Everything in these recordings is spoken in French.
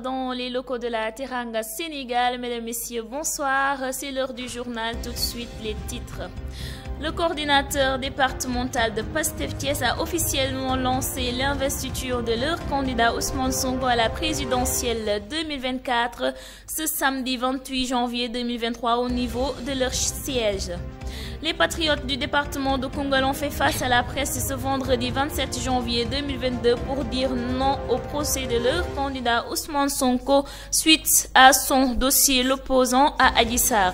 dans les locaux de la Teranga Sénégal. Mesdames, Messieurs, bonsoir. C'est l'heure du journal. Tout de suite, les titres. Le coordinateur départemental de Pastef a officiellement lancé l'investiture de leur candidat Ousmane Sonko à la présidentielle 2024 ce samedi 28 janvier 2023 au niveau de leur siège. Les patriotes du département de Congolais ont fait face à la presse ce vendredi 27 janvier 2022 pour dire non au procès de leur candidat Ousmane Sonko suite à son dossier l'opposant à Adissar.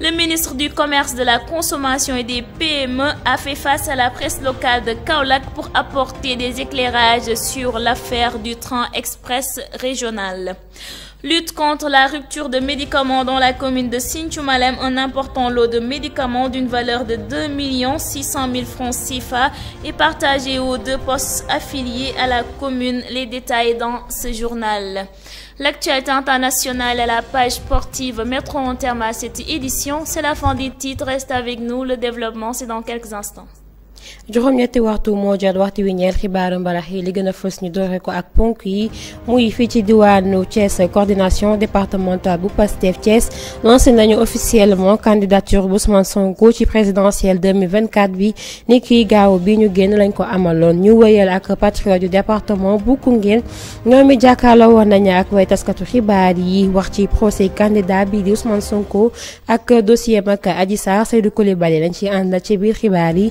Le ministre du Commerce, de la Consommation et des PME a fait face à la presse locale de Kaolak pour apporter des éclairages sur l'affaire du train express régional. Lutte contre la rupture de médicaments dans la commune de Sinchumalem, un important lot de médicaments d'une valeur de 2 600 000 francs CFA est partagé aux deux postes affiliés à la commune. Les détails dans ce journal. L'actualité internationale à la page sportive mettront en terme à cette édition. C'est la fin des titres. Reste avec nous. Le développement, c'est dans quelques instants juróom-ñetti waxtu moo jot waxtu wi ñeel xibaaru mbarax yi li gën a fës ñu doore ko ak ponk yi muy fi ci diwaanu Thiès coordination départementale bu Pastef Thiès lancé nañu officiellement candidature bu Ousmane Sonko ci présidentiel 2024 bi ni kii gaaw bi ñu génn lañ ko amaloon ñu wéyal ak patriote du département bu Koungheul ñoom i jàkkaarloo woon nañu ak way taskatu xibaar yi wax ci procès candidat bi di Ousmane Sonko ak dossier mag Adissa Seydou Coulibaly lañ ci ànd ci biir xibaar yi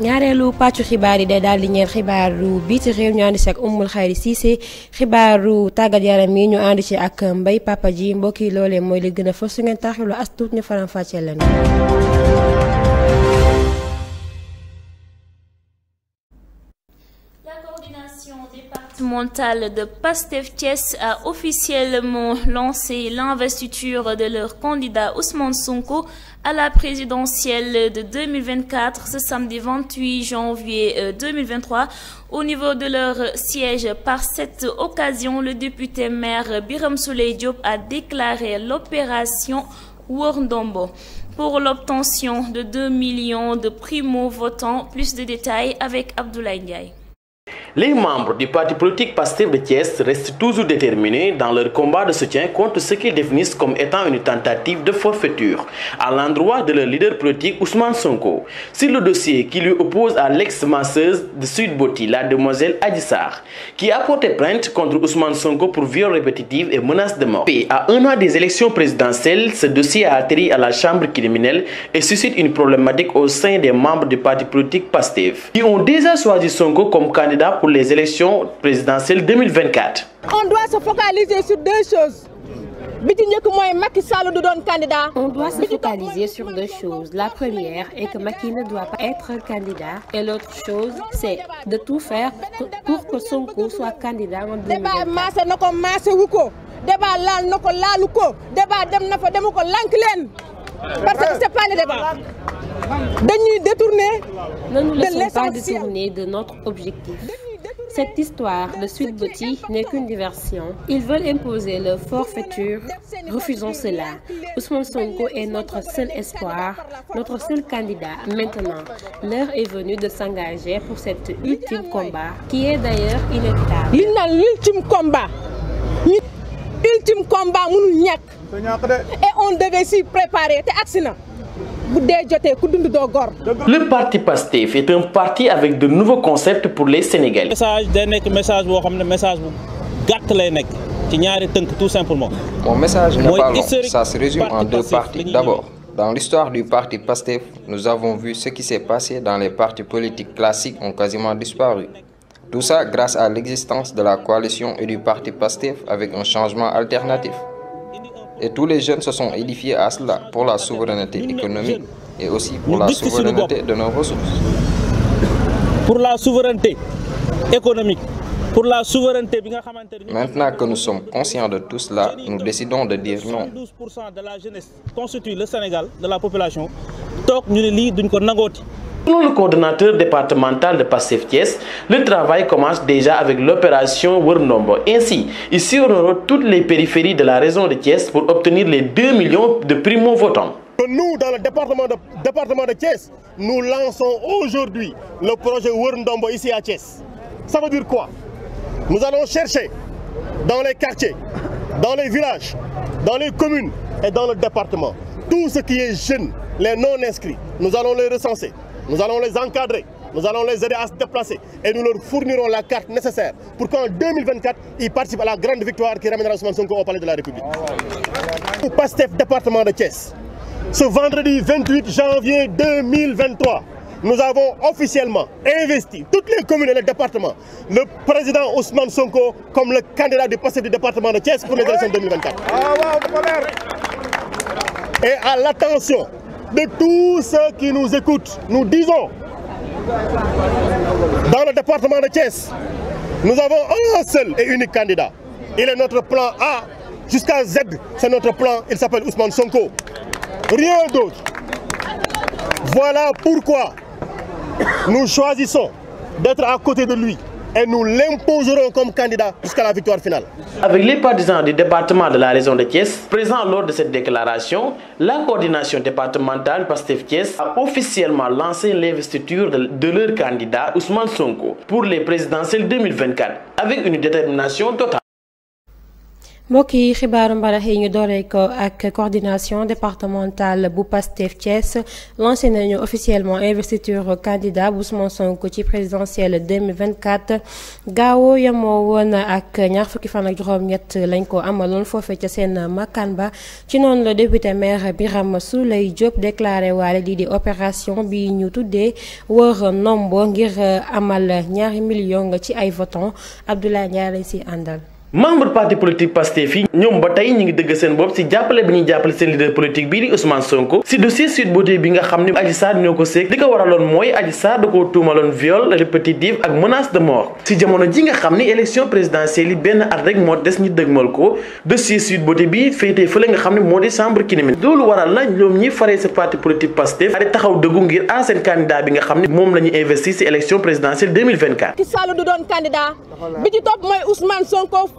ñaareelu pàccu xibaar yi day daal di ñeel xibaaru biiti réew ñu ànd si ak Oumoul Khayri Cissé xibaaru tàggat yaram yi ñu ànd ak mbay Papa ji mbokk yi loolee mooy li gën a fës su ngeen taaxiloo as tuut ñu faram fàccee leen. de Pastef a officiellement lancé l'investiture de leur candidat Ousmane Sonko à la présidentielle de 2024 ce samedi 28 janvier 2023 euh, au niveau de leur siège. Par cette occasion, le député maire Biram Souley Diop a déclaré l'opération Wourndombo pour l'obtention de 2 millions de primo-votants. Plus de détails avec Abdoulaye Ndiaye. Les membres du parti politique Pasteur de Thiès restent toujours déterminés dans leur combat de soutien contre ce qu'ils définissent comme étant une tentative de forfaiture à l'endroit de leur leader politique Ousmane Sonko. Sur le dossier qui lui oppose à l'ex-masseuse de Sud Boti, la demoiselle Adissar, qui a porté plainte contre Ousmane Sonko pour viol répétitif et menace de mort. Et à un an des élections présidentielles, ce dossier a atterri à la chambre criminelle et suscite une problématique au sein des membres du parti politique Pasteur, qui ont déjà choisi Sonko comme candidat pour les élections présidentielles 2024. On doit se focaliser sur deux choses. On doit se focaliser sur deux choses. La première est que Macky ne doit pas être candidat. Et l'autre chose, c'est de tout faire pour que son coup soit candidat en 2024. Parce que ce n'est pas le débat nous détourner pas détourner de notre objectif. Cette histoire de Sweet Boti n'est qu'une diversion. Ils veulent imposer leur forfaiture. Refusons cela. Ousmane Sonko est notre seul espoir, notre seul candidat. Maintenant, l'heure est venue de s'engager pour cet ultime combat, qui est d'ailleurs inévitable. Il a l'ultime combat. ultime combat, Et on devait s'y préparer le parti PASTEF est un parti avec de nouveaux concepts pour les Sénégalais. simplement. mon message n'est pas long ça se résume en deux parties d'abord. Dans l'histoire du parti PASTEF, nous avons vu ce qui s'est passé dans les partis politiques classiques ont quasiment disparu. Tout ça grâce à l'existence de la coalition et du parti PASTEF avec un changement alternatif. Et tous les jeunes se sont édifiés à cela pour la souveraineté économique et aussi pour la souveraineté de nos ressources. Pour la souveraineté économique pour la souveraineté. Maintenant que nous sommes conscients de tout cela, nous décidons de dire non. de la jeunesse constitue le Sénégal de la population. Selon le coordonnateur départemental de PASSEF Thiès, le travail commence déjà avec l'opération Wurnombo. Ainsi, ici on aura toutes les périphéries de la région de Thiès pour obtenir les 2 millions de primo-votants. Nous, dans le département de, département Thiès, nous lançons aujourd'hui le projet Wurnombo ici à Thiès. Ça veut dire quoi Nous allons chercher dans les quartiers, dans les villages, dans les communes et dans le département. Tout ce qui est jeune, les non-inscrits, nous allons les recenser. Nous allons les encadrer, nous allons les aider à se déplacer et nous leur fournirons la carte nécessaire pour qu'en 2024, ils participent à la grande victoire qui ramènera Ousmane Sonko au Palais de la République. Au PASTEF département de Thiès, ce vendredi 28 janvier 2023, nous avons officiellement investi toutes les communes et les départements, le président Ousmane Sonko comme le candidat du PASTEF du département de Thiès pour les élections 2024. Ah, et à l'attention de tous ceux qui nous écoutent, nous disons, dans le département de Thiès, nous avons un seul et unique candidat. Il est notre plan A jusqu'à Z, c'est notre plan, il s'appelle Ousmane Sonko. Rien d'autre. Voilà pourquoi nous choisissons d'être à côté de lui et nous l'imposerons comme candidat jusqu'à la victoire finale. Avec les partisans du département de la région de Thiès, présents lors de cette déclaration, la coordination départementale Pastef Thiès a officiellement lancé l'investiture de leur candidat Ousmane Sonko pour les présidentielles 2024 avec une détermination totale mbokk yi xibaaru mbarax ñu ak coordination départementale bu Pastef Thiès lancé nañu officiellement investiture candidat bu Ousmane Sonko ci 2024 Gao Yamou woon ak ñaar fukki fan ak juróom-ñett lañ ko amaloon foofe ca seen makkaan ba ci noonu la député maire biram Souleye Diop déclaré waale lii di opération bi ñu tuddee wër nombo ngir amal ñaari million ci ay votants Abdoulaye Ndiaye Andal. membre parti politique Pastef yi ñoom ba tey ñu ngi dëgg seen bopp si jàppale bi ñuy jàppale seen leader politique bii di Ousmane Sonko si dossier Sweet Beauté bi nga xam ne Adji Sarr ñoo ko séeg li ko waraloon mooy Adji Sarr da koo tuumaloon viol répétitif ak menace de mort si jamono ji nga xam ni élection présidentielle benn at rek moo des ñu dëgmal ko dossier Sweet Beauté bi féetee fële nga xam ne moo di chambre criminelle loolu waral la ñoom ñi faree sa parti politique Pastef ari taxaw dëggu ngir la ñu investir si élection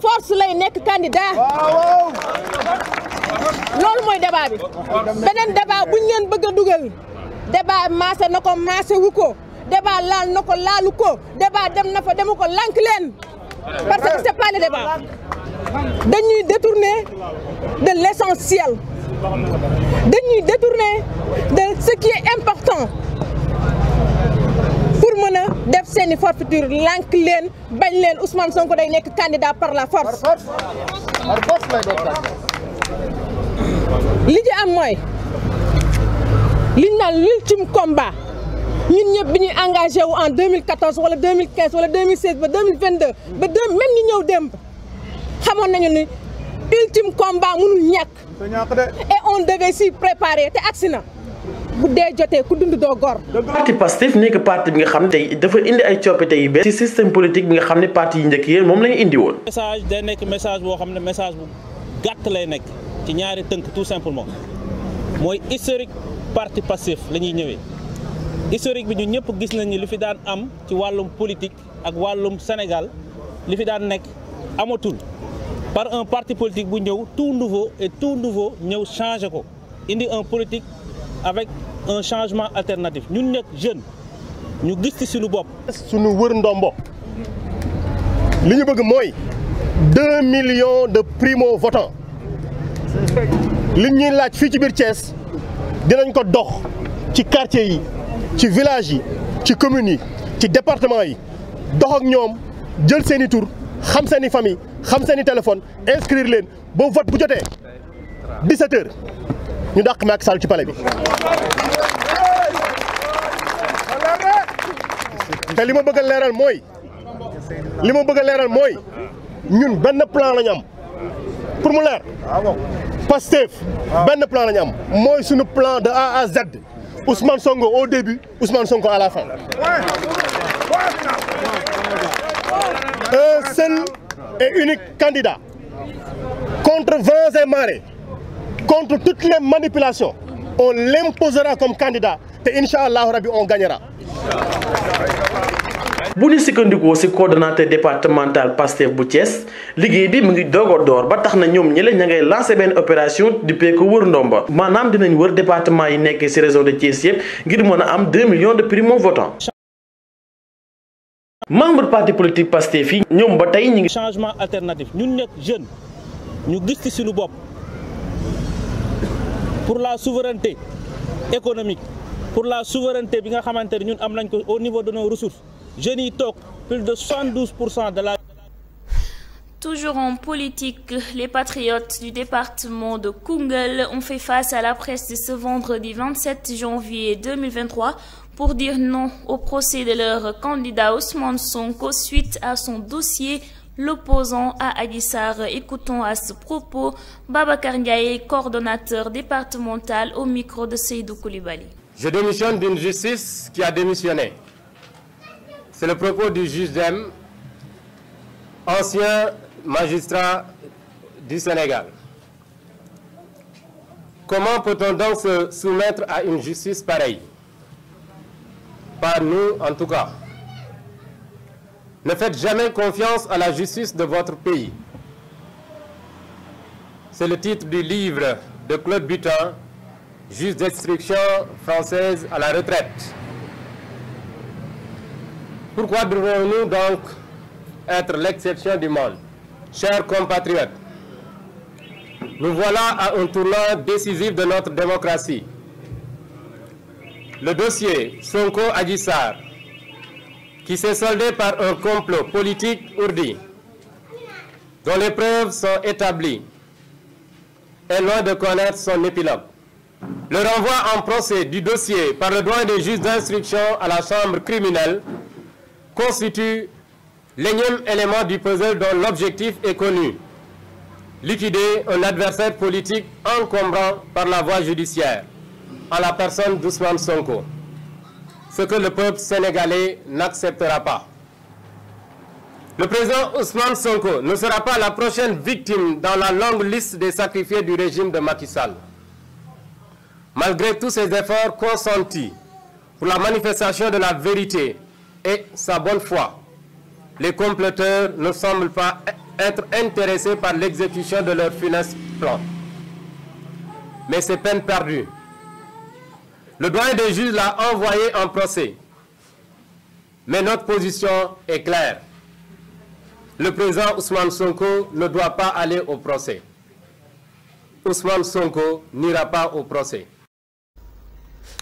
force lay nek candidat débat bi débat buñ débat massé na wuko débat débat parce que c'est pas le débat dañuy détourner de l'essentiel dañuy détourner de ce qui est important def y i lank len leen bañ Ousmane Sonko day nek candidat par la force. par force. li est am moy li naan l'ultime combat ñun ñëpp biñu engagé wu en 2014 wala 2015 wala 2016 ba 2022 ba même ñu ñëw dem xamone nañu ni ultime combat mënul et on devait s'y préparer té bu dee jotee ku dund doo gor. parti Pastef nekk parti bi nga xam ne tey dafa indi ay coppite yu bees ci système politique bi nga xam ne parti yu njëkk yéen moom la ñu indi woon. message day nekk message boo xam ne message bu gàtt lay nekk ci ñaari tënk tout simplement mooy historique parti Pastef la ñuy ñëwee historique bi ñu ñëpp gis nañ ni lu fi daan am ci wàllum politique ak wàllum Sénégal li fi daan nekk amatul par un parti politique bu ñëw tout nouveau et tout ñëw changé ko indi un politique. avec un changement alternatif jeunes, nous sommes ñu gis ci suñu bopp. nous wër ndombo li nous 2 millions de primo votants Ce ñuy laaj fii ci Nous Thiès dinañ ko quartier yi village communes département yi dox ak jël inscrire leen vote bu 17 h ñu dàq Macky salle ci palais plan pour plan plan de A à Z Ousmane songo au début Ousmane songo à la fin un seul et unique candidat contre vents et marées contre toutes les manipulations, on l'imposera comme candidat et, Inch'Allah, on gagnera. bu ñu c'est ci coordonnateur départemental Pasteur bu Thiès liggéey bi mu ngi doog a ba tax na ñoom ñële ngay lancé benn opération du peeku ndomba Manam département yi nekk ci raison de Thiès yëpp ngir mën am 2 millions de primo votants. membre parti politique Pasteur Fi, ñoom ba tey changement alternatif ñun sommes jeune ñu sommes ci suñu pour la souveraineté économique pour la souveraineté au niveau de nos ressources je n'y plus de 72 de la. Toujours en politique, les patriotes du département de Kungel ont fait face à la presse ce vendredi 27 janvier 2023 pour dire non au procès de leur candidat Ousmane Sonko suite à son dossier l'opposant à Adissar. Écoutons à ce propos Baba Karngaye, coordonnateur départemental au micro de Seydou Koulibaly. Je démissionne d'une justice qui a démissionné. C'est le propos du juge Dem, ancien magistrat du Sénégal. Comment peut-on donc se soumettre à une justice pareille Par nous en tout cas. Ne faites jamais confiance à la justice de votre pays. C'est le titre du livre de Claude Butin, Juste destruction française à la retraite. Pourquoi devons-nous donc être l'exception du monde Chers compatriotes, nous voilà à un tournant décisif de notre démocratie. Le dossier Sonko Agissar qui s'est soldé par un complot politique ourdi, dont les preuves sont établies, et loin de connaître son épilogue. Le renvoi en procès du dossier par le droit des juges d'instruction à la chambre criminelle constitue l'énième élément du puzzle dont l'objectif est connu. Liquider un adversaire politique encombrant par la voie judiciaire, à la personne d'Ousmane Sonko ce que le peuple sénégalais n'acceptera pas. Le président Ousmane Sonko ne sera pas la prochaine victime dans la longue liste des sacrifiés du régime de Macky Sall. Malgré tous ses efforts consentis pour la manifestation de la vérité et sa bonne foi, les comploteurs ne semblent pas être intéressés par l'exécution de leur funeste plan. Mais c'est peine perdue. Le doyen des juges l'a envoyé en procès. Mais notre position est claire. Le président Ousmane Sonko ne doit pas aller au procès. Ousmane Sonko n'ira pas au procès.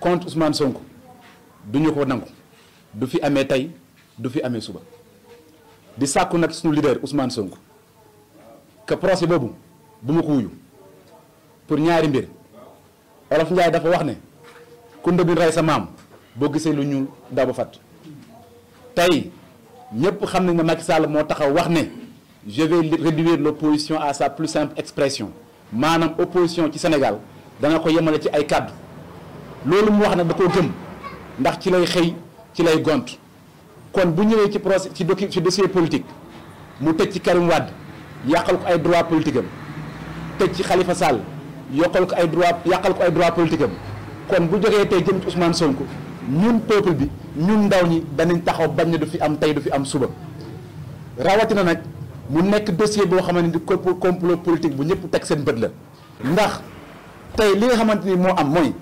contre Ousmane Sonko du ñu ko nangu du fi amee tey du fi amee suba di sàkku nag suñu leader Ousmane Sonko que procès boobu bu ma ko wuyu pour ñaari mbir Olof Njaay dafa wax ne ku ndëbin rey sa maam boo gisee lu ñuul daw ba fàtt tey ñëpp xam nañ ne Macky Sall moo taxaw wax ne je vais réduire l'opposition à sa plus simple expression maanaam opposition ci Sénégal danga ko yemale ci ay kàddu loolu mu wax nag da koo gëm ndax ci lay xëy ci lay gont kon bu ñëwee ci procès ci docu ci dossier politique mu tëj ci Karim wàdd yàqal ko ay droit politique am tëj ci xalifa Sall yokkal ko ay droit yàqal ko ay droit politique kon bu jógee tey jëm ci Ousmane Sonko ñun peuple bi ñun ndaw ñi danañ taxaw bañ ne du fi am tey du fi am suba rawatina nag mu nekk dossier boo xamante ni complot politique bu ñëpp teg seen bët la ndax tey li nga xamante ni moo am mooy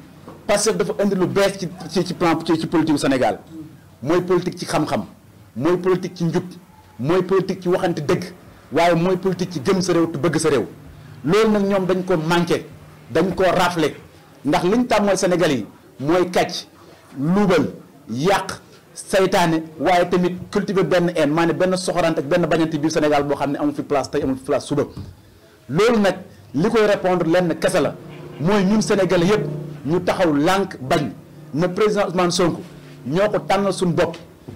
Pastef dafa indi lu bees ci ci ci plan ci politique gu Sénégal mooy politique ci xam-xam mooy politique ci njub mooy politique ci waxante dëgg waaye mooy politique ci gëm sa réew te bëgg sa réew loolu nag ñoom dañ ko manqué dañ ko raflé ndax liñ tàmmoon Sénégal yi mooy kàcc luubal yàq saytaane waaye tamit cultiver benn haine maanaam benn soxorante ak benn bañante biir Sénégal boo xam ne amul fi place tey amul fi place suba loolu nag li koy répondre lenn kese la mooy ñun Sénégal yëpp. ñu taxaw lank bañ na président man Sonko ñoko ko suñ suñu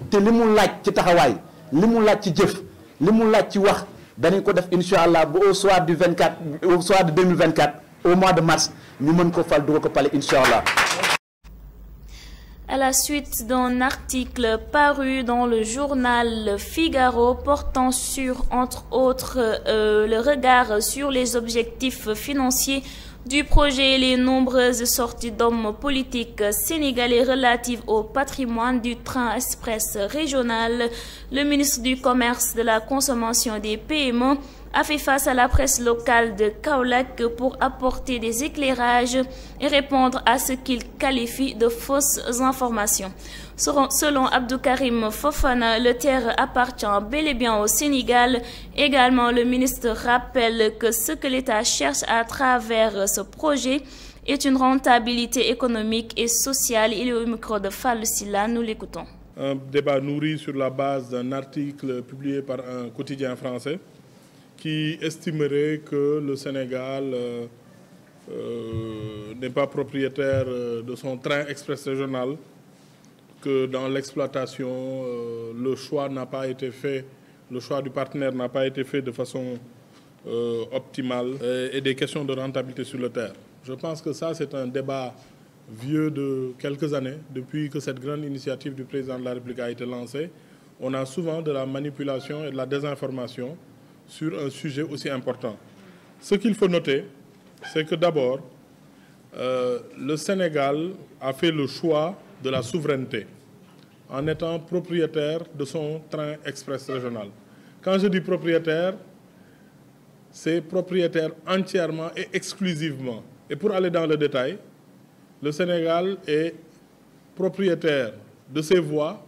té limu laaj ci taxaway limu laaj ci jëf limu laaj ci wax dañ ko def inshallah bu au soir du 24 au soir de 2024 au mois de mars ñu mën ko fal du ko pale inshallah à la suite d'un article paru dans le journal Figaro portant sur, entre autres, euh, le regard sur les objectifs financiers du projet les nombreuses sorties d'hommes politiques sénégalais relatives au patrimoine du train express régional. Le ministre du Commerce, de la Consommation des Paiements a fait face à la presse locale de Kaolack pour apporter des éclairages et répondre à ce qu'il qualifie de fausses informations. Selon Abdou Karim Fofana, le terre appartient bel et bien au Sénégal. Également, le ministre rappelle que ce que l'État cherche à travers ce projet est une rentabilité économique et sociale. Il est au micro de nous l'écoutons. Un débat nourri sur la base d'un article publié par un quotidien français qui estimerait que le Sénégal euh, euh, n'est pas propriétaire euh, de son train express régional que dans l'exploitation, euh, le choix n'a pas été fait, le choix du partenaire n'a pas été fait de façon euh, optimale euh, et, des questions de rentabilité sur le terre. Je pense que ça, c'est un débat vieux de quelques années, depuis que cette grande initiative du président de la République a été lancée. On a souvent de la manipulation et de la désinformation sur un sujet aussi important. Ce qu'il faut noter, c'est que d'abord, le Sénégal a fait le choix de la souveraineté en étant propriétaire de son train express régional. Quand je dis propriétaire, c'est propriétaire entièrement et exclusivement. Et pour aller dans le détail, le Sénégal est propriétaire de ses voies,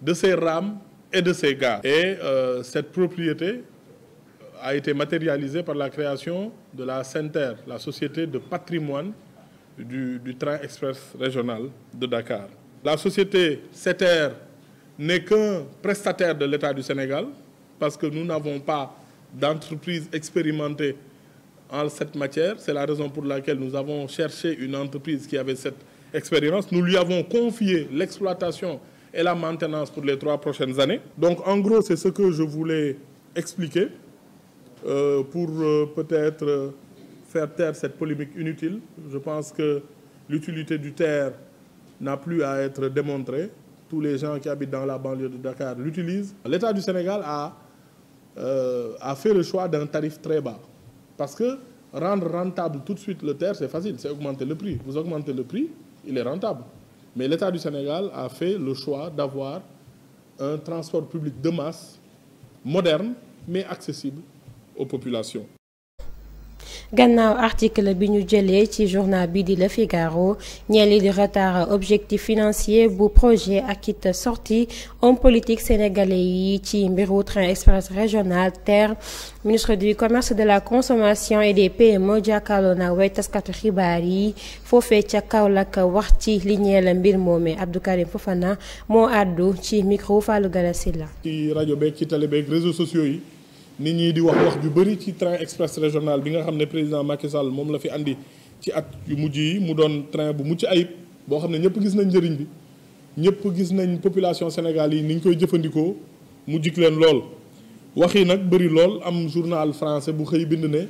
de ses rames et de ses gares. Et euh, cette propriété a été matérialisée par la création de la CENTER, la Société de patrimoine du, train express régional de Dakar. La société CETER n'est qu'un prestataire de l'État du Sénégal parce que nous n'avons pas d'entreprise expérimentée en cette matière. C'est la raison pour laquelle nous avons cherché une entreprise qui avait cette expérience. Nous lui avons confié l'exploitation et la maintenance pour les trois prochaines années. Donc en gros, c'est ce que je voulais expliquer euh, pour euh, peut-être... Euh, faire taire cette polémique inutile. Je pense que l'utilité du terre n'a plus à être démontrée. Tous les gens qui habitent dans la banlieue de Dakar l'utilisent. L'État du Sénégal a, euh, a fait le choix d'un tarif très bas. Parce que rendre rentable tout de suite le terre, c'est facile, c'est augmenter le prix. Vous augmentez le prix, il est rentable. Mais l'État du Sénégal a fait le choix d'avoir un transport public de masse, moderne, mais accessible aux populations gannaaw article bi ñu jëlee ci journal bi Le Figaro ñeel di retard objectif financier bu projet akit sorti homme politique sénégalais yi ci mbiru train express régional Terre ministre du commerce de la consommation et des PME jàkkaarloo na way taskatu xibaar yi foofee ca Kaolack wax ci li ñeel mbir Fofana ci micro gala Galassila ci rajo beeg ci télé réseaux sociaux nit ñi di wax wax ju bëri ci train express régional bi nga xam ne président Macky moom la fi andi ci at yu mujj yi mu doon train bu mucc ayib boo xam ne ñëpp gis nañ njëriñ bi ñëpp gis nañ population Sénégal yi ni ñu koy jëfandikoo mu jik leen lool. wax yi nag bëri lool am journal français bu xëy bind ne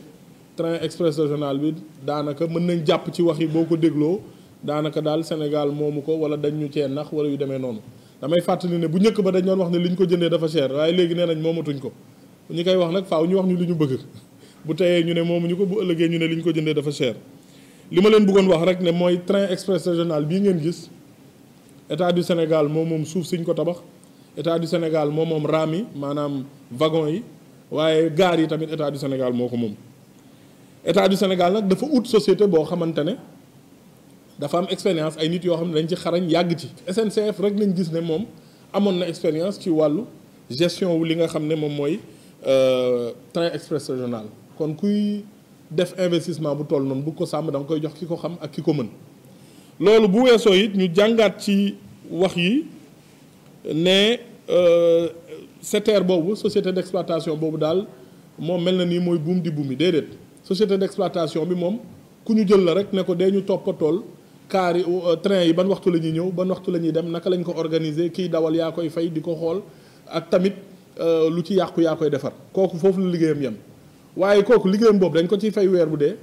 train express régional bi daanaka mën nañ jàpp ci wax yi boo ko dégloo daanaka daal Sénégal moomu ko wala dañ ñu cee nax wala yu demee noonu damay fàttali ne bu njëkk ba dañ doon wax ne li ñu ko jëndee dafa cher waaye léegi nee nañ moomatuñ ko. ñu koy wax nag faaw ñu wax ñu li ñu bëgg bu teyee ñu ne moomu ñu ko bu ëllëgee ñu ne li ñu ko jëndee dafa cher li ma leen bëggoon wax rek ne mooy train express régional bii ngeen gis état du Sénégal moom moom suuf siñ ko tabax état du Sénégal moom moom raam yi maanaam wagon yi waaye gaar yi tamit état du Sénégal moo ko moom état du Sénégal nag dafa ut société boo xamante ne dafa am expérience ay nit yoo xam ne dañ ci xarañ yàgg ci SNCF rek nañ gis ne moom amoon na expérience ci wàllu gestion li nga xam ne moom mooy Euh, train express régional kon kuy def investissement bu toll noonu bugg ko sàmm dama koy jox ki ko xam ak ki ko mën loolu bu weeso it ñu jàngaat ci wax yi ne SETER euh, boobu société d'exploitation boobu daal moom mel na nii mooy buum di buum buumi déedéet société d'exploitation bi moom ku ñu jël la rek ne ko dee ñu toppatool kaar yi euh, train yi ban waxtu la ñuy ñëw ban waxtu la ñuy dem naka lañ ko organiser kiy dawal yaa koy fay di ko xool ak tamit Euh, lu ci yàqu yaa koy defar kooku foofu la liggéeyam yem waaye kooku liggéeyam boobu dañ ko ciy fay weer bu dee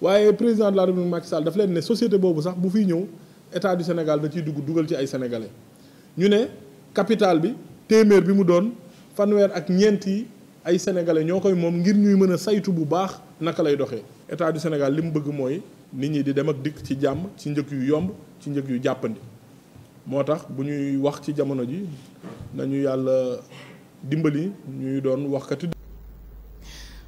waaye président de la république Macky dafa leen ne société boobu sax bu fiy ñëw état du Sénégal da ciy dugg dugal ci ay sénégalais ñu ne capital bi téeméer bi mu doon fanweer ak ñeent yi ay sénégalais ñoo koy moom ngir ñuy mën a saytu bu baax naka lay doxee état du Sénégal li mu bëgg mooy nit ñi di dem ak dikk ci jàmm ci njëkk yu yomb ci njëg yu jàppandi moo tax bu ñuy wax ci jamono ji yàlla.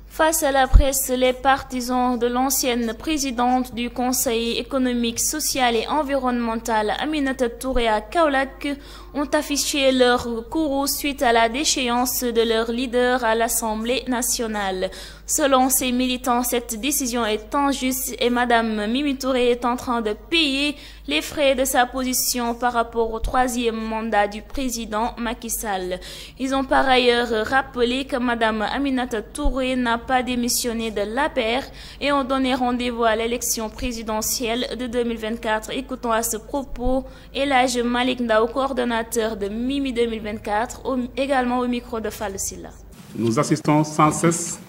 Face à la presse, les partisans de l'ancienne présidente du Conseil économique, social et environnemental, Aminata Touré à Kaolak, ont affiché leur courroux suite à la déchéance de leur leader à l'Assemblée nationale. Selon ces militants, cette décision est injuste et Madame Mimi Touré est en train de payer les frais de sa position par rapport au troisième mandat du président Macky Sall. Ils ont par ailleurs rappelé que Madame Aminata Touré n'a pas démissionné de l'APR et ont donné rendez-vous à l'élection présidentielle de 2024. Écoutons à ce propos Elage Malik Ndao, coordonnateur de Mimi 2024, également au micro de Nous assistons sans cesse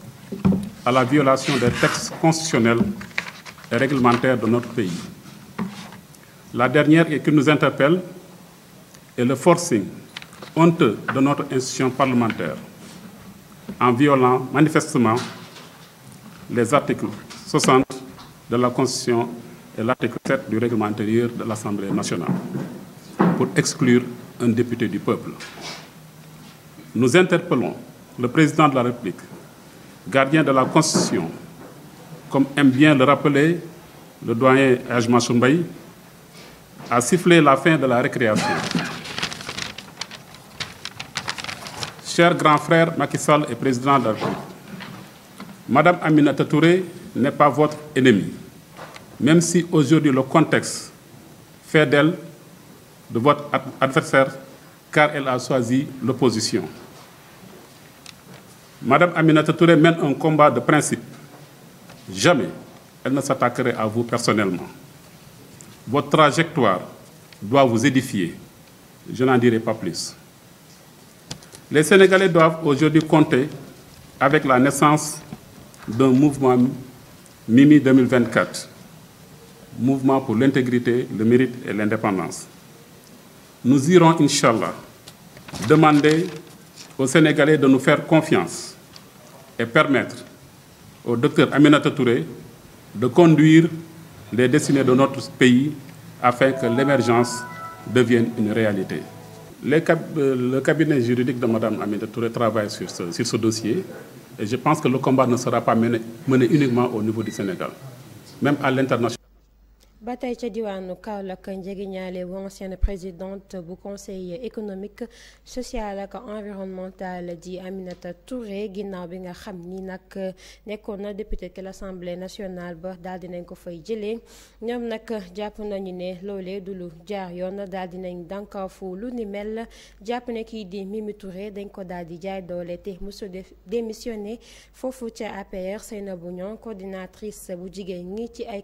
à la violation des textes constitutionnels et réglementaires de notre pays. La dernière qui nous interpelle est le forcing honteux de notre institution parlementaire en violant manifestement les articles 60 de la Constitution et l'article 7 du règlement intérieur de l'Assemblée nationale pour exclure un député du peuple. Nous interpellons le président de la République, gardien de la Constitution, comme aime bien le rappeler le doyen Ajma Soumbaï, a sifflé la fin de la récréation. Cher grand frère Macky Sall et président de la République, Madame Aminata Touré n'est pas votre ennemie, même si aujourd'hui le contexte fait d'elle de votre adversaire car elle a choisi l'opposition. Madame Aminata Touré mène un combat de principe. Jamais elle ne s'attaquerait à vous personnellement. Votre trajectoire doit vous édifier. Je n'en dirai pas plus. Les Sénégalais doivent aujourd'hui compter avec la naissance d'un mouvement Mimi 2024, mouvement pour l'intégrité, le mérite et l'indépendance nous irons, Inch'Allah, demander aux Sénégalais de nous faire confiance et permettre au docteur Aminata Touré de conduire les destinées de notre pays afin que l'émergence devienne une réalité. Euh, le cabinet juridique de Mme Aminata Touré travaille sur ce, dossier et je pense que le combat ne sera pas mené uniquement au niveau du Sénégal, même à l'international ba tey ca diwaanu Kaolack njëgiñaale bu ancienne présidente du conseil économique social et environnemental di Aminata Touré ginnaaw bi Nekona député de l'Assemblée nationale ba daal dinañ ko fay jëlee ñoom nag jàpp nañu ne loolee jaar yoon Mimi Touré dañ ko daal jaay démissionné foofu APR coordinatrice bu jigéen ñi ci ay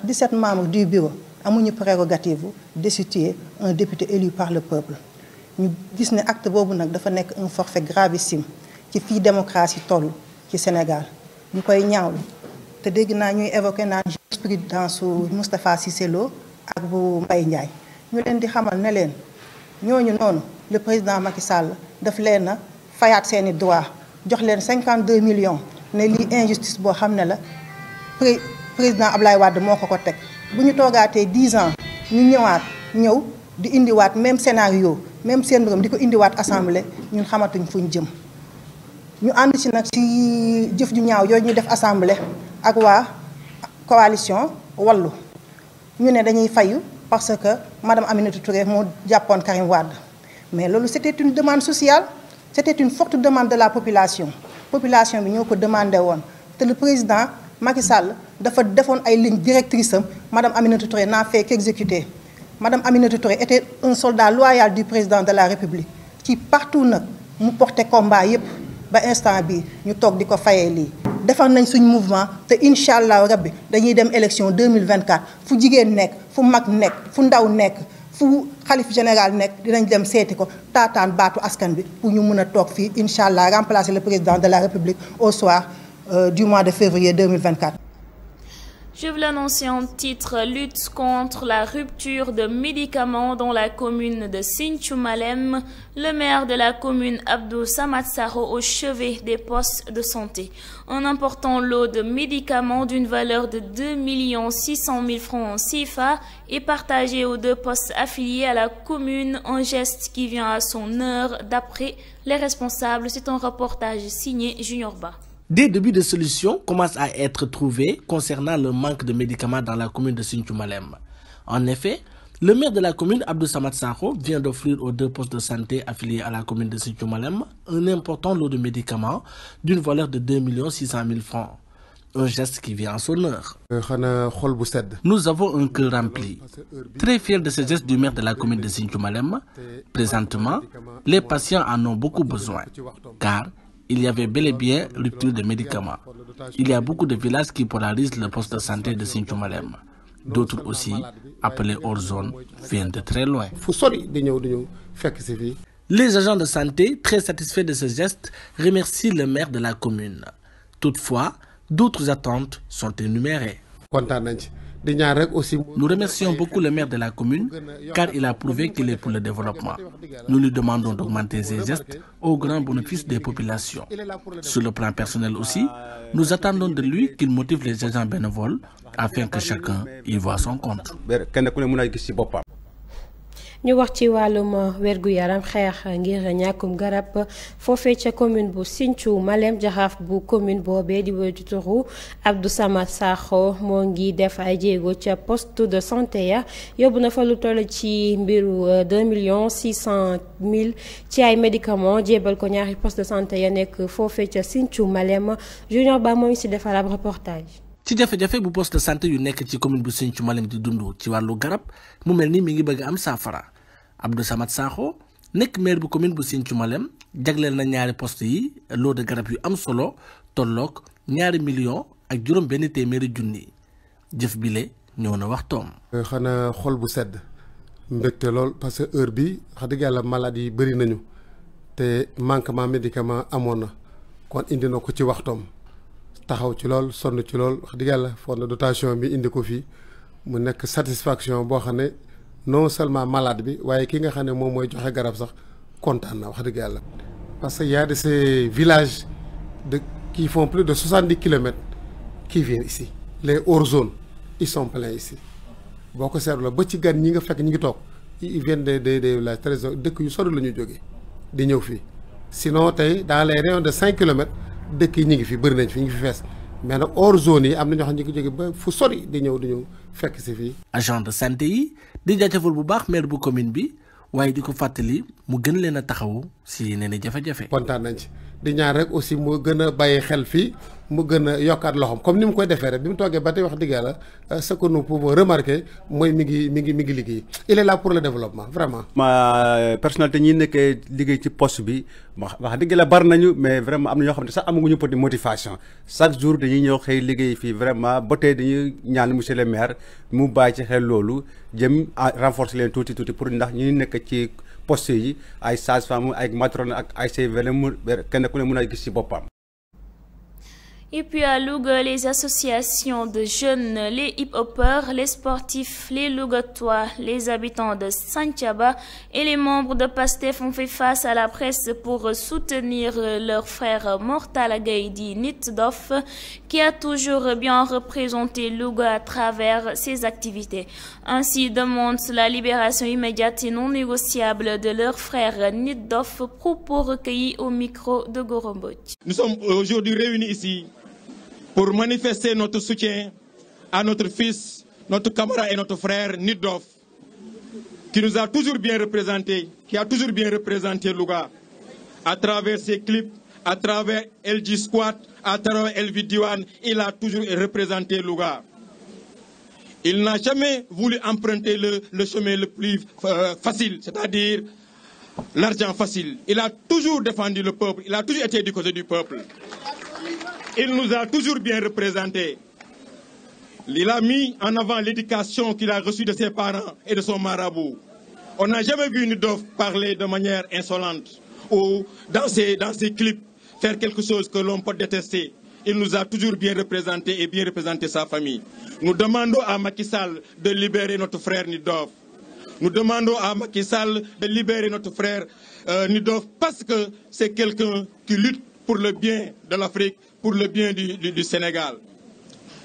17 membres du bureau amuñu prérogative situer un député élu par le peuple Nous gis ne acte boobu nag dafa fait un forfait gravissime ci la démocratie toll Sénégal Nous avons ñaawlu dégg naa évoqué un jurisprudence su Moustapha Sisselo et ak bu Mbaye Ndiaye ñu leen di xamal ne le président Macky Sall a fait un droit, droit jox leen 52 millions ne lii injustice boo président Ablaye Wade moko ko tek nous togaaté 10 ans ñu ñëwaat ñëw di waat même scénario même syndrome, borom di ko assemblée ñun xamatuñ fuñ jëm. ñu Nous ci nak ci jëf ju ñaaw yooyu ñu def assemblée ak wa coalition wallu ñu né dañuy fayu parce que madame Aminata Touré mo jappone Karim Wade mais lolu c'était une demande sociale c'était une forte demande de la population population bi ñoko demandé woon le président. Macky Sall dafa défendre ay ligne directrices madame Aminata Touré n'a fait qu'exécuter madame Aminata Touré était un soldat loyal du président de la République qui, partout nag mu porté combat yépp ba instant bi ñu tok diko fayé li lii nañ suñ mouvement te Inshallah allah rabbi dañuy dem élection 2024 fu jigen nek fu mag nek fu ndaw nek fu khalife général nek dinañ dem séti ko tatane batu askan bi pour ñu mëna tok fi inshallah remplacer le président de la République au soir euh, du mois de février 2024. Je vous l'annoncer en titre, lutte contre la rupture de médicaments dans la commune de Sinchumalem, le maire de la commune Abdou Samatsaro au chevet des postes de santé. En important l'eau de médicaments d'une valeur de 2 600 000 francs en CFA et partagé aux deux postes affiliés à la commune, un geste qui vient à son heure d'après les responsables. C'est un reportage signé Junior Ba. Des débuts de solutions commencent à être trouvés concernant le manque de médicaments dans la commune de Malem. En effet, le maire de la commune, Abdou Samad vient d'offrir aux deux postes de santé affiliés à la commune de Malem un important lot de médicaments d'une valeur de 2 600 000 francs. Un geste qui vient en son heure. Euh, Nous avons un cœur rempli. Très fier de ce geste du maire de la commune de Malem, présentement, les patients en ont beaucoup besoin, car il y avait bel et bien rupture de médicaments. Il y a beaucoup de villages qui polarisent le poste de santé de Sintumalem. D'autres aussi, appelés hors zone, viennent de très loin. Les agents de santé, très satisfaits de ce geste, remercient le maire de la commune. Toutefois, d'autres attentes sont énumérées. Nous remercions beaucoup le maire de la commune car il a prouvé qu'il est pour le développement. Nous lui demandons d'augmenter ses gestes au grand bénéfice des populations. Sur le plan personnel aussi, nous attendons de lui qu'il motive les agents bénévoles afin que chacun y voit son compte. ñu wax ci wàllum wergu yaram xeex ngir ñàkkum garab foofee ca commune bu Sinthiou Malem Jaxaaf bu commune boobee di wéy ci turu Abdou Samad Sakho moo ngi def ay jéego ca post de santé ya yóbbu na fa lu toll ci mbiru 2 euh, millions 600 mille ci ay médicaments jébal ko ñaari poste de santé ya nekk foofee ca Sinthiou Malem Junior Ba moo ngi si defal ab reportage. ci jafe-jafe bu poste de santé yu nekk ci commune bu Sinthiou Malem di dundu ci wàllu garab mu mel ni mi ngi bëgg am saafara Abdou Samad Sakho nekk maire bu commune bu Sinthiou Malem jagleel na ñaari poste yi lot de garab yu am solo tolloog ñaari million ak juróom benn téeméeri junni jëf bile ñëw na waxtoom. Euh, xanaa xol bu sedd mbégte lool parce que heure bi wax dëgg yàlla malade yi bëri nañu te manquement médicament amoon na kon indi na ko ci waxtoom taxaw ci lool sonn ci lool wax dëgg yàlla fond dotation bi indi ko fii mu nekk satisfaction boo xam ne. non seulement malade bi waye ki nga xamné mom moy joxe garab sax parce que y a de villages qui font plus de 70 km qui viennent ici. les hors zones ils sont pleins ici Si vous ci gan ñi ils viennent la sinon dans les rayons de 5 km, deuk yi ngi mais nag hors zone yi amna ñu xam ne ko ngi ba fu sori di ñëw di ñëw fekk ci fi agent de santé yi di jaajëfal bu baax maire bu commune bi waaye di ko fàttali mu gën leen a taxawu si yeneen i jafe-jafe. kontaan nañ ci. di ñaan rek aussi mu gën a bàyyi xel fii mu gën a yokkaat loxom comme ni mu koy defee rek bi mu toogee ba tey wax dëgg yàlla euh, ce que nous pouvons remarquer mooy mi ngi mi ngi mi ngi liggéey il est là pour le développement vraiment. ma euh, personnalité ñi nekkee liggéey ci post bi wax wax dëgg la bari nañu mais vraiment am na ñoo xam ne sax amaguñu petit motivation chaque jour dañuy ñëw xëy liggéey fii vraiment ba tey dañuy ñaan monsieur le maire mu bàyyi ci xel loolu jëm ah, renforcer leen tuuti tuuti pour ndax ñi nekk ci. poste yi ay sage-femme ay matron ak ay say velem mu kenn ku ne mën a gis ci boppam Et puis à Lougue, les associations de jeunes, les hip-hoppers, les sportifs, les lugatois, les habitants de Sanchaba et les membres de PASTEF ont fait face à la presse pour soutenir leur frère Mortal Gaidi Nitdoff, qui a toujours bien représenté Lougue à travers ses activités. Ainsi demande la libération immédiate et non négociable de leur frère Nitdoff, propos recueillis au micro de Gorombot. Nous sommes aujourd'hui réunis ici pour manifester notre soutien à notre fils, notre camarade et notre frère Nidov, qui nous a toujours bien représentés, qui a toujours bien représenté Louga, à travers ses clips, à travers LG Squat, à travers LV Diwan, il a toujours représenté Louga. Il n'a jamais voulu emprunter le, chemin le plus euh, facile, c'est-à-dire l'argent facile. Il a toujours défendu le peuple, il a toujours été du côté du peuple. Il nous a toujours bien représentés. Il a mis en avant l'éducation qu'il a reçue de ses parents et de son marabout. On n'a jamais vu une parler de manière insolente ou dans ses, dans ses clips faire quelque chose que l'on peut détester. Il nous a toujours bien représenté et bien représenté sa famille. Nous demandons à Macky Sall de libérer notre frère Nidov. Nous demandons à Macky Sall de libérer notre frère euh, Nidov parce que c'est quelqu'un qui lutte pour le bien de l'Afrique, pour le bien du, Sénégal.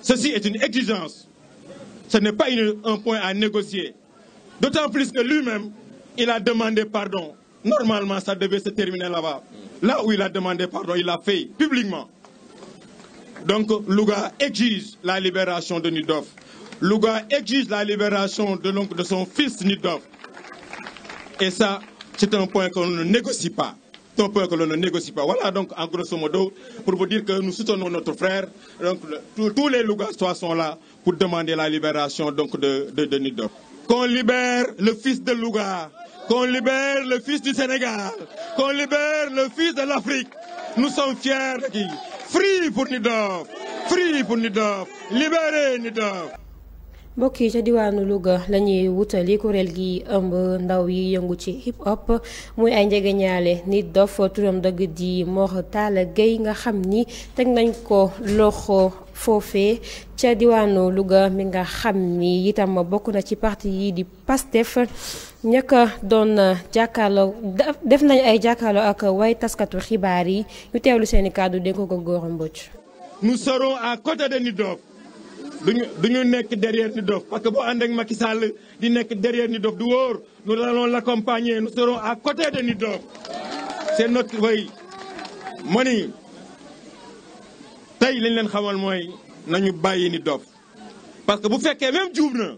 Ceci est une exigence. Ce n'est pas un point à négocier. D'autant plus que lui-même, il a demandé pardon. Normalement, ça devait se terminer là-bas. Là où il a demandé pardon, il l'a fait publiquement. Donc, Louga exige la libération de Nidov. Louga exige la libération de de son fils Nidov. Et ça, c'est un point qu'on ne négocie pas tant que l'on ne négocie pas. Voilà donc en grosso modo pour vous dire que nous soutenons notre frère. Donc tous les Lugas sont là pour demander la libération donc de, Nidov. Qu'on libère le fils de Louga, qu'on libère le fils du Sénégal, qu'on libère le fils de l'Afrique. Nous sommes fiers qui Free pour Nidov free pour Nidov libérez Nidov mbokk yi ca diwaanu Louga la ñuy wutali kuréel gi ëmb ndaw yi yëngu ci hip hop muy ay njegeñaale nit dof turam dëgg di Mor gay Gueye nga xam ni teg nañ ko loxo foofe ca diwaanu Louga mi nga xam ni itam bokk na ci parti yi di Pastef ñaka doon jàkkaarloo def nañ ay jàkkaarloo ak way taskatu xibaar yi ñu teewlu seeni kàddu dénk ko Gora Mbodj. duñu derrière parce que si nous ak derrière nous nous allons l'accompagner nous serons à côté de nous. c'est notre way Money. tay vous xamal nañu parce que bu même juum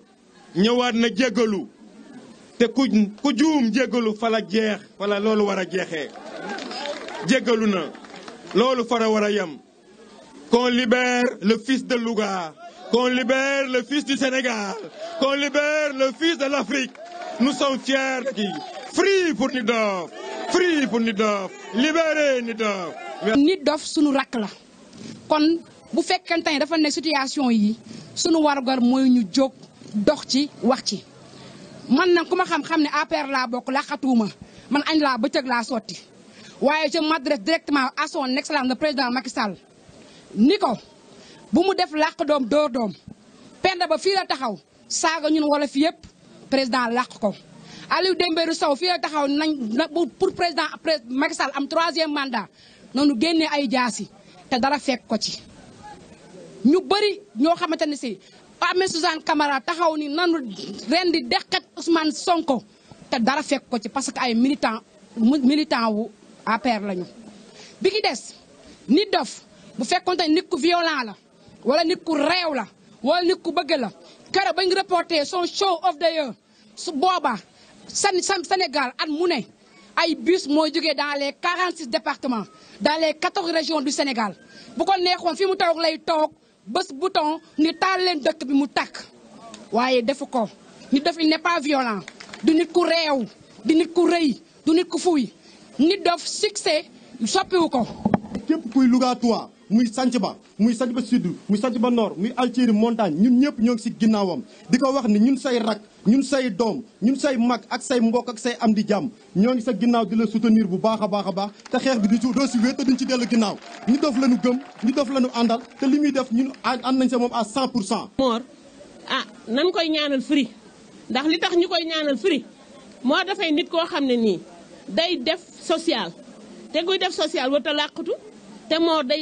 ñëwaat na te ku ku la fara qu'on libère le fils de Louga qu'on libère le fils du Sénégal, qu'on libère le fils de l'Afrique. Nous sommes fiers qui Free pour Nidov, free pour Nidov, libérez Nidov. Nidov sunu rak la kon bu fekkante dafa ne situation yi sunu warugar mooy ñu jóg dox ci wax ci man nag kuma xam-xam ne APR bok la laqatuuma man añ la bëccëg la soti waye je m'adresse directement à son excellent le président Macky Sall niko bu mu def làq doom dóor doom penda ba fii la taxaw saaga ñun wala fi yëpp président làq ko Aliou Dembourou Sow fii la taxaw nañ na pour président après Macky Sall am troisième mandat noonu génnee ay jaasi te dara fekk ko ci. ñu bëri ñoo xamante ne si amee Suzanne Camara taxaw ni nanu ren di deqet Ousmane Sonko te dara fekk ko ci parce que ay militant militant wu APR lañu. bi ki des ni dof bu fekkonte nit ku violent la. wala nit ku réew la wala nit ku bëgg la son show of the year su Sénégal à Moune, bus dans les 46 départements dans les 14 régions du Sénégal bu ko neexoon fi mu lay bouton ni taal leen bi mu tàkk waaye defu ko il n'est pas violent du nit nit du nit nit dof succès ko kuy Louga muy Santhiaba muy Santhiaba sud muy Santhiaba nord muy Altieri montagne ñun ñëpp ñoo ci si diko wax ni ñun say rak ñun say dom, ñun say mag ak say mbok ak say am di ñoo ngi sa ginnaw di la soutenir bu baax a baax te xex bi di ci do si wéet te duñ ci delu ginnaw ñu dof lañu gëm ñu dof lañu andal te li def ñun ànd nañ sa mom à 100 mort ah nan koy ñaanal firi ndax li tax ñukoy koy ñaanal firi da fay nit ko xamne ni day def social te kuy def social wata làqatu day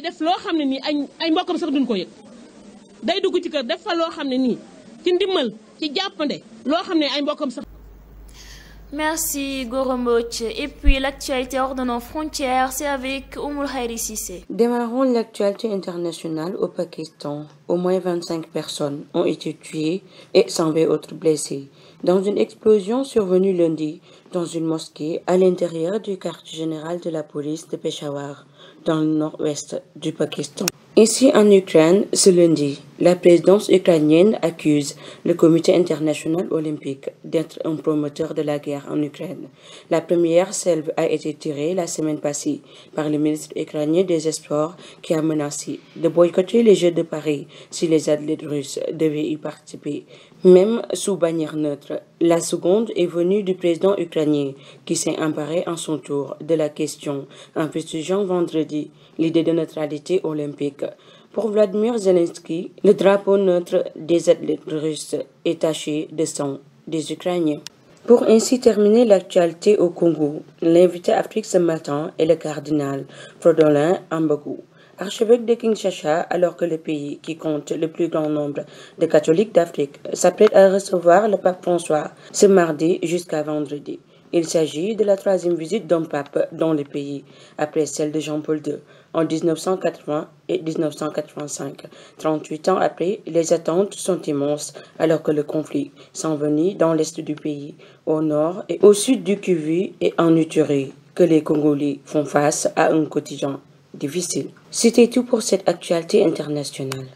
Merci Goromboch. Et puis l'actualité hors de nos frontières, c'est avec Oumul Haïr Sissé. Démarrons l'actualité internationale au Pakistan. Au moins 25 personnes ont été tuées et 120 autres blessées dans une explosion survenue lundi dans une mosquée à l'intérieur du quartier général de la police de Peshawar dans le nord-ouest du Pakistan. Ici en Ukraine, ce lundi, la présidence ukrainienne accuse le Comité international olympique d'être un promoteur de la guerre en Ukraine. La première salve a été tirée la semaine passée par le ministre ukrainien des Sports qui a menacé de boycotter les Jeux de Paris si les athlètes russes devaient y participer. Même sous bannière neutre, la seconde est venue du président ukrainien qui s'est emparé en son tour de la question en prestigeant vendredi l'idée de neutralité olympique. Pour Vladimir Zelensky, le drapeau neutre des athlètes russes est taché de sang des Ukrainiens. Pour ainsi terminer l'actualité au Congo, l'invité Afrique ce matin est le cardinal Frodolin Ambagou archevêque de Kinshasa, alors que le pays qui compte le plus grand nombre de catholiques d'Afrique s'apprête à recevoir le pape François ce mardi jusqu'à vendredi. Il s'agit de la troisième visite d'un pape dans le pays, après celle de Jean-Paul II en 1980 et 1985. 38 ans après, les attentes sont immenses alors que le conflit s'envenit dans l'est du pays, au nord et au sud du Kivu et en Uturie, que les Congolais font face à un quotidien difficile. C'était tout pour cette actualité internationale.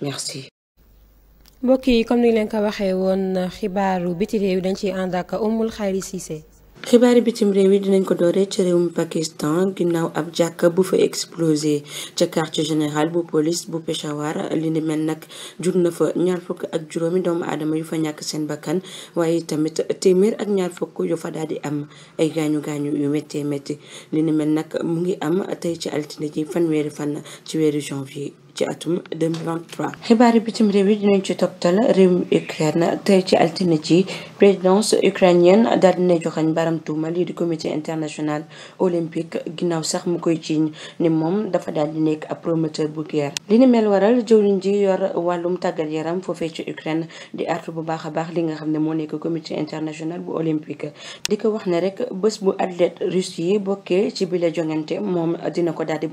Merci. xibaari bitim réew yi dinañ ko dooree ci réewum Pakistan ginnaaw ab jàkka bu fa explosé ca quartier général bu police bu Peshawar li ni mel nag jur na fa ñaar fukk ak juróomi doomu aadama yu fa ñàkk seen bakkan waaye tamit téeméer ak ñaar fukk yu fa daal di am ay gaañu gaañu yu méttee metti li ni mel nag mu ngi am tey ci altine ji fanweeri fan ci weeru janvier. ci atum 2023. xibaari bitim réew yi dinañ ci toptal réew Ukraine tey ci altine ci présidence ukrainienne daal dina joxañ baram tuuma lii di comité international olympique ginnaaw sax mu koy ciiñ ni moom dafa daal di nekk ab promoteur bu guerre. li ni mel waral jëwriñ ji yor wàllum tàggat yaram foofee ci Ukraine di artu bu baax a baax li nga xam ne moo nekk comité international bu olympique di ko wax ne rek bës bu athlète russe yi bokkee ci bile jongante moom dina ko daal di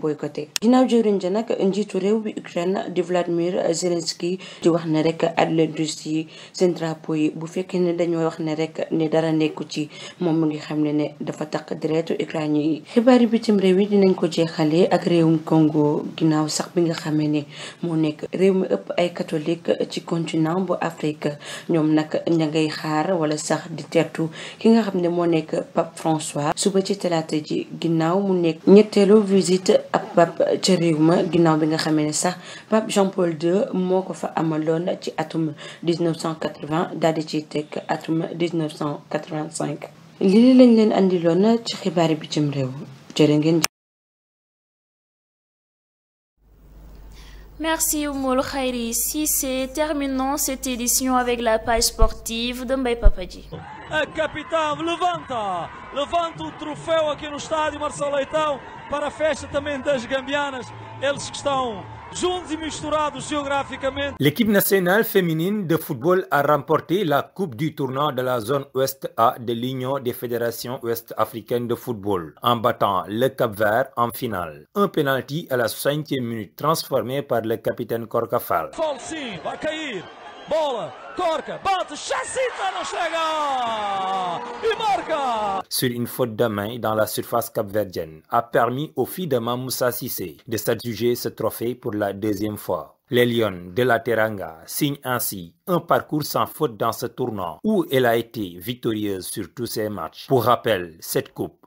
ginnaaw jëwriñ ji nag njiitu réew Ukraine di Vladimir Zelensky di wax ne rek armée russe yi seen drapeau yi bu fekkee ne dañoo wax ne rek ne dara nekku ci moom mu ngi xam ne ne dafa takk deretu Ukraine yi xibaari bitim réew yi dinañ ko jeexale ak réewum Congo ginnaaw sax bi nga xamee ne moo nekk réew mi ëpp ay catholique ci continent bu Afrique ñoom nag ña ngay xaar wala sax di tertu ki nga xam ne moo nekk Pape François suba ci talaata ji ginnaaw mu nekk ñetteelu visite ab pape ca réew ma ginnaaw bi nga xamee ne ça. Pape Jean-Paul II moo ko fa amaloon ci atum 1980 daal di ciy atum 1985. lii lañ leen andiloon ci xibaar bi cim réew jërë ngeen. Merci Oumoul Khairi c'est Terminons cette édition avec la page sportive de Mbaye Papadji. A capitão, levanta! Levanta o troféu aqui no estádio Marcelo Leitão para a festa também das gambianas. Eles que estão L'équipe nationale féminine de football a remporté la Coupe du tournoi de la zone Ouest A de l'Union des fédérations ouest-africaines de football en battant le Cap-Vert en finale. Un penalty à la cinquième minute transformé par le capitaine Korkafal bola, chega e Sur une faute de main dans la surface capverdienne a permis au de Moussa Sissé de s'adjuger ce trophée pour la deuxième fois. Les Lions de la Teranga signent ainsi un parcours sans faute dans ce tournant où elle a été victorieuse sur tous ses matchs. Pour rappel, cette coupe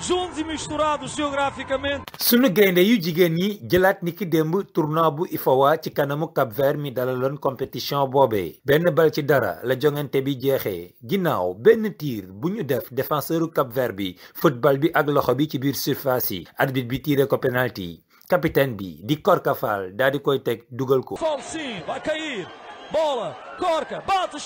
zones yi musturaadu géographiquement. sunu gaynde yu jigéen ñi jëlaat ni ki démb tournoi bu ifowa ci kanamu Cap Vert mi dalaloon compétition boobee benn bal ci dara la jongante bi jeexee ginnaaw ben tir bu def défenseuru Cap Vert bi football bi ak loxo bi ci biir surface yi arbitre bi tire ko penalty capitaine bi di Korka Fall daal di koy teg dugal ko. va cair bola. Gorka baatu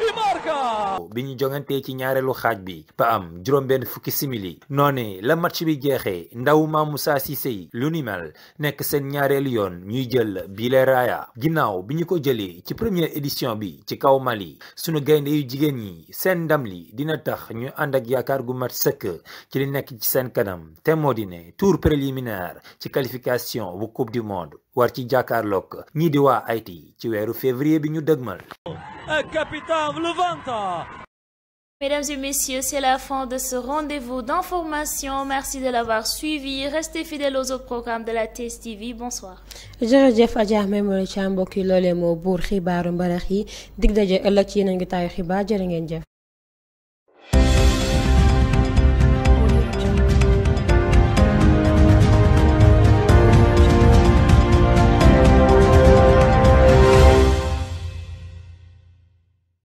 e bi ñu jongantee ci ñaareelu xaaj bi ba am juróom fukki simili noone la match bi jeexee ndaw ma Moussa Cissé lu ni mel nekk seen ñaareelu yoon ñuy jël bile raaya ginnaaw bi ñu ko jëlee ci première édition bi ci kaw Mali sunu gaynde yu jigéen ñi seen ndam li dina tax ñu ànd ak yaakaar gu mat sëkk ci li nekk ci seen kanam te moo di ne tour préliminaire ci qualification bu coupe du monde war ci jàkkaarloog ñii di waa Mesdames et messieurs, c'est la fin de ce rendez-vous d'information. Merci de l'avoir suivi. Restez fidèles aux autres programmes de la TSTV. Bonsoir.